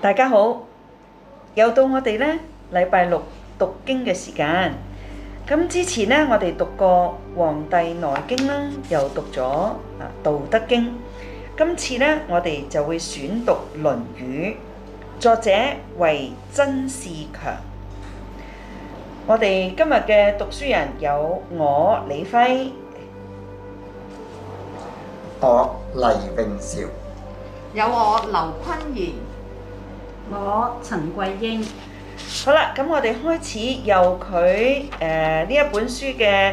大家好，又到我哋呢禮拜六讀經嘅時間。咁之前呢，我哋讀過《黃帝內經》啦，又讀咗《道德經》。今次呢，我哋就會選讀《論語》，作者為曾仕強。我哋今日嘅讀書人有我李輝，我黎永兆，有我劉坤賢。我陳桂英，好啦，咁我哋開始由佢誒呢一本書嘅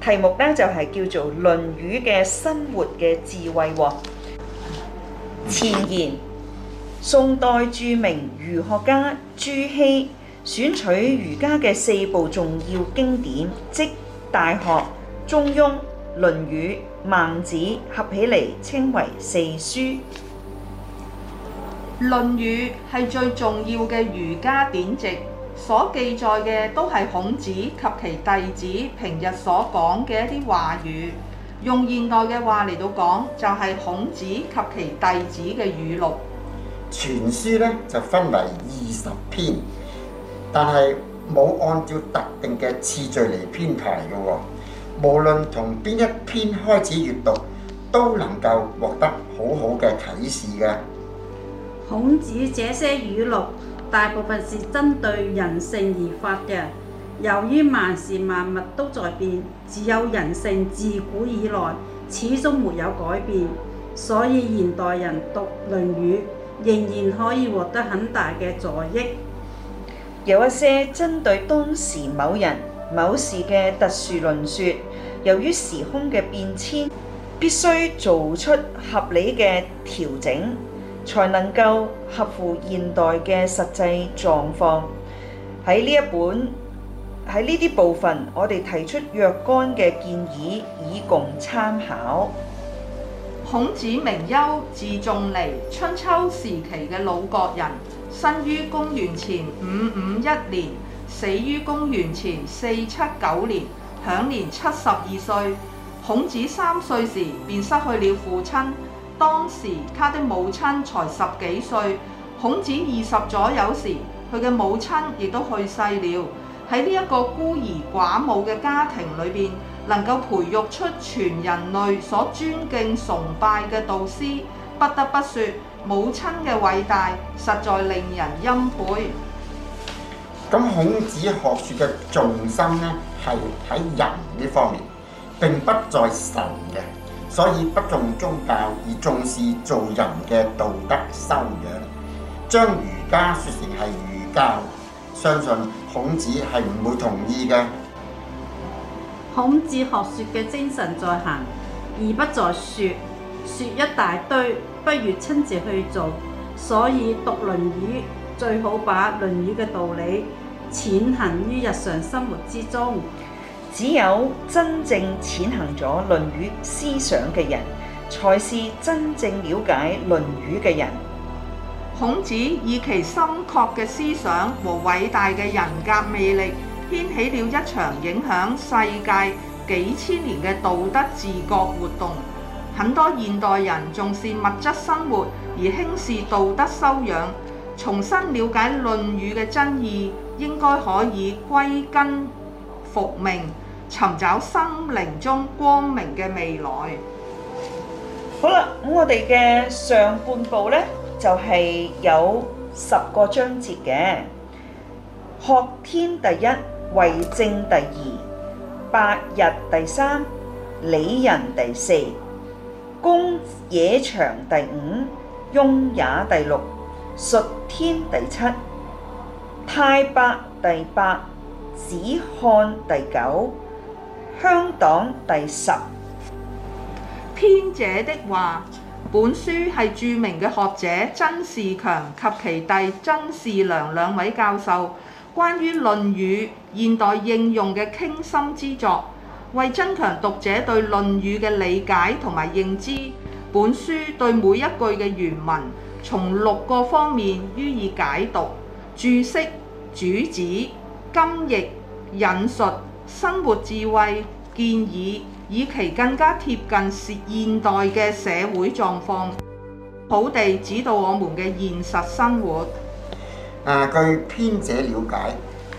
題目呢，就係叫做《論語》嘅生活嘅智慧。哦。前言：宋代著名儒學家朱熹選取儒家嘅四部重要經典，即《大學》《中庸》《論語》《孟子》，合起嚟稱為四書。《論語》係最重要嘅儒家典籍，所記載嘅都係孔子及其弟子平日所講嘅一啲話語。用現代嘅話嚟到講，就係孔子及其弟子嘅語錄。全書咧就分為二十篇，但係冇按照特定嘅次序嚟編排嘅哦。無論從邊一篇開始閱讀，都能夠獲得好好嘅啟示嘅。孔子這些語錄大部分是針對人性而發嘅。由於萬事萬物都在變，只有人性自古以來始終沒有改變，所以現代人讀《論語》仍然可以獲得很大嘅助益。有一些針對當時某人某事嘅特殊論說，由於時空嘅變遷，必須做出合理嘅調整。才能夠合乎現代嘅實際狀況。喺呢一本，喺呢啲部分，我哋提出若干嘅建議，以供參考。孔子名丘，字仲尼，春秋時期嘅魯國人，生於公元前五五一年，死於公元前四七九年，享年七十二歲。孔子三歲時便失去了父親。當時他的母親才十幾歲，孔子二十左右時，佢嘅母親亦都去世了。喺呢一個孤兒寡母嘅家庭裏邊，能夠培育出全人類所尊敬崇拜嘅導師，不得不說母親嘅偉大實在令人欽佩。咁孔子學說嘅重心呢，係喺人呢方面，並不在神嘅。所以不重宗教，而重視做人嘅道德修養，將儒家説成係儒教，相信孔子係唔會同意嘅。孔子學説嘅精神在行，而不在説。説一大堆不如親自去做。所以讀《論語》，最好把《論語》嘅道理踐行於日常生活之中。只有真正踐行咗《論語》思想嘅人，才是真正了解《論語》嘅人。孔子以其深刻嘅思想和偉大嘅人格魅力，掀起了一場影響世界幾千年嘅道德自覺活動。很多現代人重視物質生活而輕視道德修養，重新了解《論語》嘅真義，應該可以歸根。復命，尋找心靈中光明嘅未來。好啦，咁我哋嘅上半部呢，就係、是、有十個章節嘅，學天第一，為政第二，八佾第三，理人第四，公冶長第五，雍也第六，述天第七，泰伯第八。子罕第九，鄉黨第十。編者的話：本書係著名嘅學者曾仕強及其弟曾仕良兩位教授關於《論語》現代應用嘅傾心之作。為增強讀者對《論語》嘅理解同埋認知，本書對每一句嘅原文從六個方面予以解讀、注釋、主旨。今亦引述生活智慧建議，以其更加貼近現代嘅社會狀況，土地指導我們嘅現實生活。啊，據編者了解，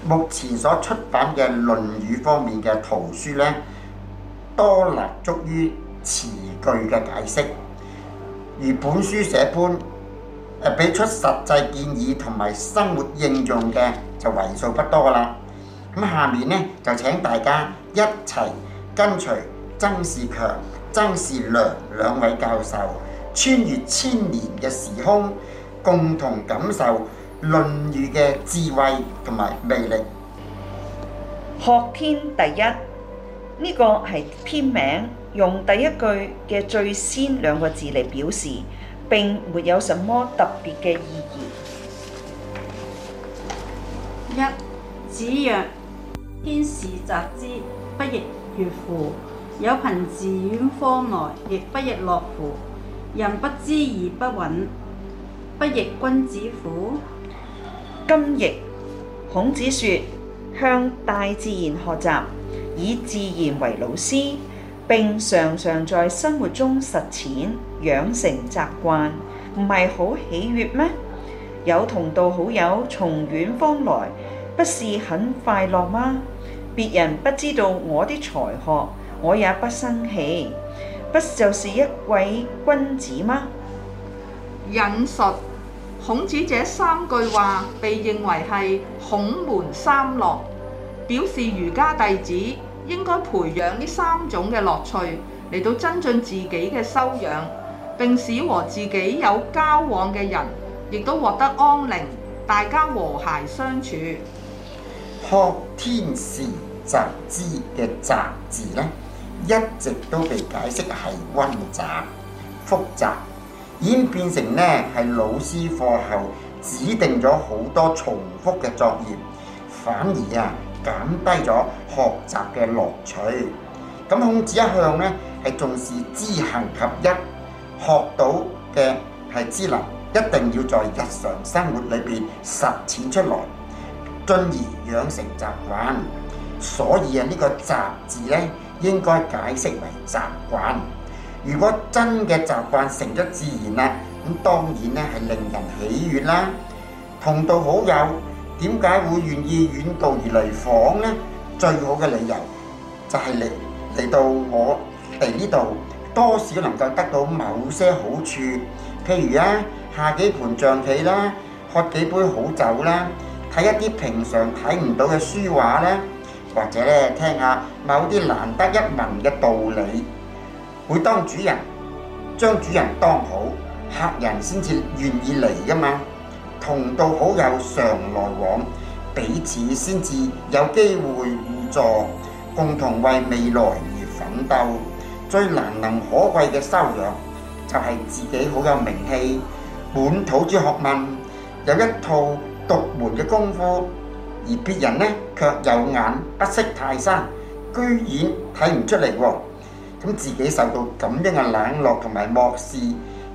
目前所出版嘅《論語》方面嘅圖書呢，多立足於詞句嘅解釋，而本書寫般，誒俾出實際建議同埋生活應用嘅就為數不多噶啦。咁下面呢，就請大家一齊跟隨曾仕強、曾仕良兩位教授穿越千年嘅時空，共同感受《論語》嘅智慧同埋魅力。學天第一，呢個係篇名，用第一句嘅最先兩個字嚟表示。並沒有什麼特別嘅意義。一子曰：學而時習之，不亦悅乎？有朋自遠方來，亦不亦樂乎？人不知而不慍，不亦君子乎？今亦孔子說：向大自然學習，以自然為老師。並常常在生活中實踐，養成習慣，唔係好喜悦咩？有同道好友從遠方來，不是很快樂嗎？別人不知道我的才學，我也不生氣，不就是一位君子嗎？引述孔子這三句話被認為係孔門三樂，表示儒家弟子。應該培養呢三種嘅樂趣嚟到增進自己嘅修養，並使和自己有交往嘅人亦都獲得安寧，大家和諧相處。學天時習之嘅習字呢，一直都被解釋係温習、複習，已演變成呢係老師課後指定咗好多重複嘅作業，反而啊～減低咗學習嘅樂趣，咁孔子一向呢，係重視知行合一，學到嘅係知能，一定要在日常生活裏邊實踐出來，進而養成習慣。所以啊，呢個習字呢，應該解釋為習慣。如果真嘅習慣成咗自然啦，咁當然呢，係令人喜悦啦。同道好友。點解會願意遠道而嚟訪呢？最好嘅理由就係嚟嚟到我地呢度，多少能夠得到某些好處。譬如啊，下幾盤象棋啦，喝幾杯好酒啦，睇一啲平常睇唔到嘅書畫啦，或者呢，聽下某啲難得一聞嘅道理。會當主人，將主人當好，客人先至願意嚟噶嘛。同道好友常來往，彼此先至有機會互助，共同為未來而奮鬥。最難能可貴嘅修養就係、是、自己好有名氣，本土之學問有一套獨門嘅功夫，而別人呢，卻有眼不識泰山，居然睇唔出嚟、哦。咁自己受到咁樣嘅冷落同埋漠視，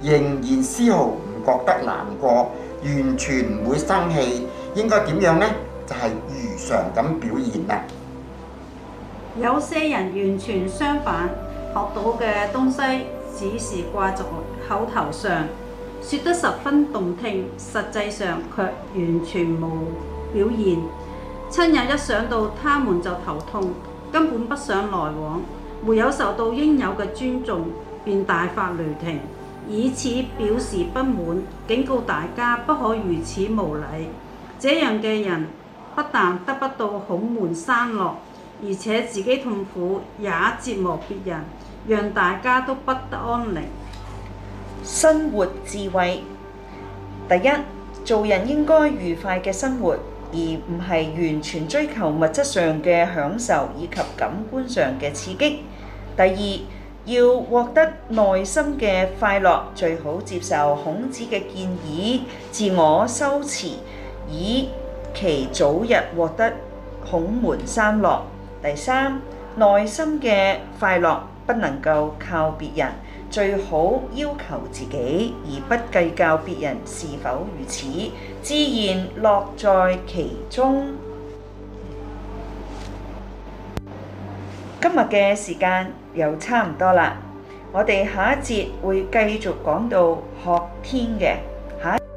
仍然絲毫唔覺得難過。完全唔會生氣，應該點樣呢？就係如常咁表現啦。有些人完全相反，學到嘅東西只是掛在口頭上，説得十分動聽，實際上卻完全冇表現。親友一想到他們就頭痛，根本不想來往，沒有受到應有嘅尊重，便大發雷霆。以此表示不滿，警告大家不可如此無禮。這樣嘅人不但得不到孔門三樂，而且自己痛苦，也折磨別人，讓大家都不得安寧。生活智慧：第一，做人應該愉快嘅生活，而唔係完全追求物質上嘅享受以及感官上嘅刺激。第二。要獲得內心嘅快樂，最好接受孔子嘅建議，自我修持，以期早日獲得孔門三樂。第三，內心嘅快樂不能夠靠別人，最好要求自己，而不計較別人是否如此，自然樂在其中。今日嘅時間又差唔多啦，我哋下一節會繼續講到學天嘅，下一節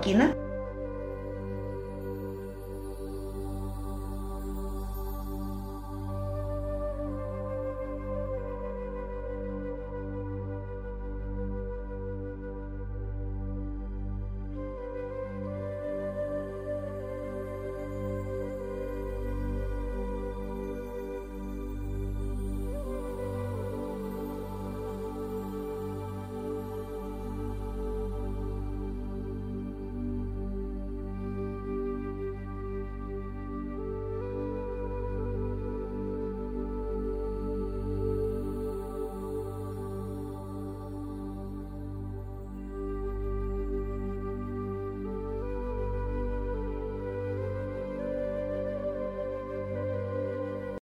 見啦。